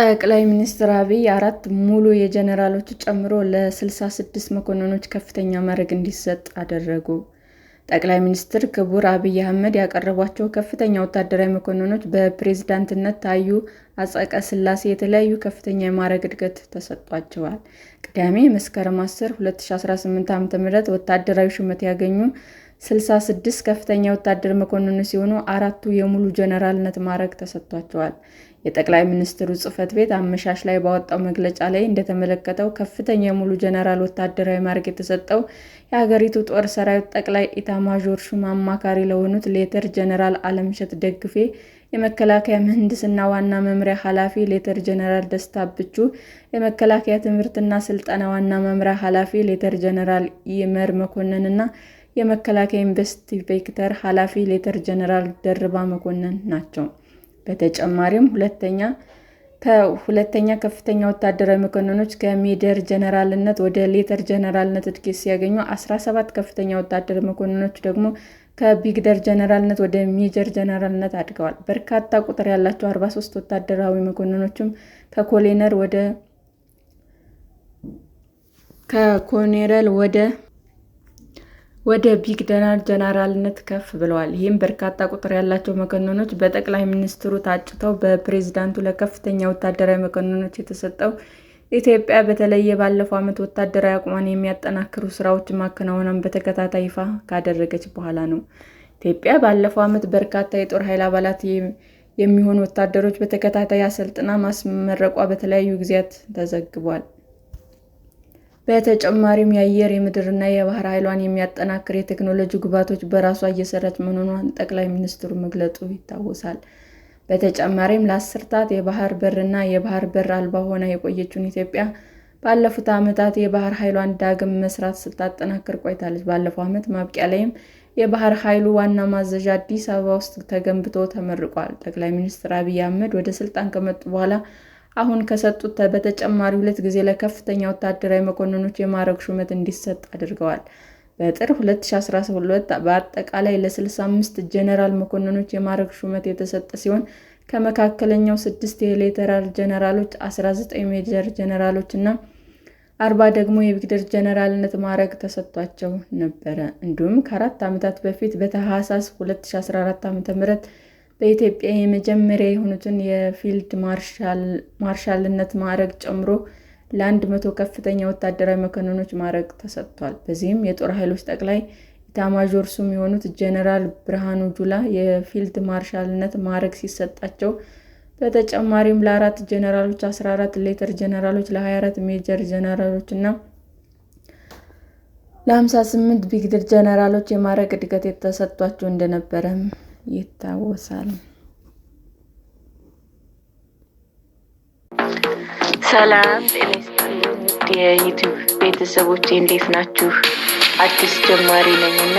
ጠቅላይ ሚኒስትር አብይ አራት ሙሉ የጀኔራሎች ጨምሮ ለ66 መኮንኖች ከፍተኛ ማዕረግ እንዲሰጥ አደረጉ። ጠቅላይ ሚኒስትር ክቡር አብይ አህመድ ያቀረቧቸው ከፍተኛ ወታደራዊ መኮንኖች በፕሬዝዳንትነት ታዩ ስላሴ የተለያዩ ከፍተኛ የማዕረግ እድገት ተሰጥቷቸዋል። ቅዳሜ መስከረም 10 2018 ዓ.ም ወታደራዊ ሹመት ያገኙ ስልሳ ስድስት ከፍተኛ ወታደር መኮንኖች ሲሆኑ አራቱ የሙሉ ጀነራልነት ማዕረግ ተሰጥቷቸዋል። የጠቅላይ ሚኒስትሩ ጽህፈት ቤት አመሻሽ ላይ ባወጣው መግለጫ ላይ እንደተመለከተው ከፍተኛ የሙሉ ጀነራል ወታደራዊ ማዕረግ የተሰጠው የሀገሪቱ ጦር ሰራዊት ጠቅላይ ኢታማዦር ሹም አማካሪ ለሆኑት ሌተር ጀነራል አለምሸት ደግፌ፣ የመከላከያ ምህንድስና ዋና መምሪያ ኃላፊ ሌተር ጀነራል ደስታ ብቹ፣ የመከላከያ ትምህርትና ስልጠና ዋና መምሪያ ኃላፊ ሌተር ጀነራል ይመር መኮንንና የመከላከያ ኢንቨስቲጌተር ኃላፊ ሌተር ጀነራል ደርባ መኮንን ናቸው። በተጨማሪም ሁለተኛ ከፍተኛ ወታደራዊ መኮንኖች ከሜጀር ጀነራልነት ወደ ሌተር ጀነራልነት እድገት ሲያገኙ፣ 17 ከፍተኛ ወታደራዊ መኮንኖች ደግሞ ከቢግደር ጀነራልነት ወደ ሜጀር ጀነራልነት አድገዋል። በርካታ ቁጥር ያላቸው 43 ወታደራዊ መኮንኖችም ከኮኔረል ወደ ወደ ቢግደናል ጀነራልነት ከፍ ብለዋል። ይህም በርካታ ቁጥር ያላቸው መኮንኖች በጠቅላይ ሚኒስትሩ ታጭተው በፕሬዚዳንቱ ለከፍተኛ ወታደራዊ መኮንኖች የተሰጠው ኢትዮጵያ በተለየ ባለፈው ዓመት ወታደራዊ አቅሟን የሚያጠናክሩ ስራዎች ማከናወኗን በተከታታይ ይፋ ካደረገች በኋላ ነው። ኢትዮጵያ ባለፈው ዓመት በርካታ የጦር ኃይል አባላት የሚሆኑ ወታደሮች በተከታታይ አሰልጥና ማስመረቋ በተለያዩ ጊዜያት ተዘግቧል። በተጨማሪም የአየር፣ የምድርና የባህር ኃይሏን የሚያጠናክር የቴክኖሎጂ ግብዓቶች በራሷ እየሰራች መሆኗን ጠቅላይ ሚኒስትሩ መግለጹ ይታወሳል። በተጨማሪም ለአስርታት የባህር በርና የባህር በር አልባ ሆና የቆየችውን ኢትዮጵያ ባለፉት ዓመታት የባህር ኃይሏን ዳግም መስራት ስታጠናክር ቆይታለች። ባለፈው ዓመት ማብቂያ ላይም የባህር ኃይሉ ዋና ማዘዣ አዲስ አበባ ውስጥ ተገንብቶ ተመርቋል። ጠቅላይ ሚኒስትር አብይ አህመድ ወደ ስልጣን ከመጡ በኋላ አሁን ከሰጡት በተጨማሪ ሁለት ጊዜ ለከፍተኛ ወታደራዊ መኮንኖች የማዕረግ ሹመት እንዲሰጥ አድርገዋል። በጥር 2012 በአጠቃላይ ለ65 ጄኔራል መኮንኖች የማዕረግ ሹመት የተሰጠ ሲሆን ከመካከለኛው ስድስት የሌተራል ጀነራሎች 19 ሜጀር ጀነራሎች እና 40 ደግሞ የብርጋዴር ጀነራልነት ማዕረግ ተሰጥቷቸው ነበረ። እንዲሁም ከአራት ዓመታት በፊት በታኅሳስ 2014 ም በኢትዮጵያ የመጀመሪያ የሆኑትን የፊልድ ማርሻልነት ማዕረግ ጨምሮ ለአንድ መቶ ከፍተኛ ወታደራዊ መኮንኖች ማዕረግ ተሰጥቷል። በዚህም የጦር ኃይሎች ጠቅላይ ኢታማዦር ሹም የሆኑት ጄኔራል ብርሃኑ ጁላ የፊልድ ማርሻልነት ማዕረግ ሲሰጣቸው፣ በተጨማሪም ለአራት ጄኔራሎች፣ 14 ሌተር ጄኔራሎች፣ ለ24 ሜጀር ጄኔራሎች እና ለ58 ብሪጌዲየር ጄኔራሎች የማዕረግ እድገት ተሰጥቷቸው እንደነበረም ይታወሳል። ሰላም ጤና ይስጥልኝ የዩቱብ እንዴት ናችሁ? አዲስ ጀማሪ ነኝ እና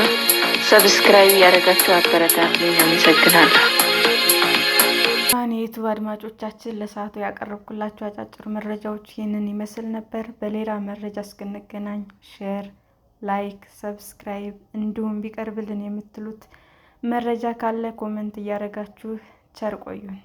ሰብስክራይብ ያደረጋችሁ አበረታቱኝ። አመሰግናለሁ። የዩቱብ አድማጮቻችን ለሰዓቱ ያቀረብኩላችሁ አጫጭር መረጃዎች ይህንን ይመስል ነበር። በሌላ መረጃ እስክንገናኝ ሼር፣ ላይክ፣ ሰብስክራይብ እንዲሁም ቢቀርብልን የምትሉት መረጃ ካለ ኮመንት እያደረጋችሁ ቸር ቆዩን።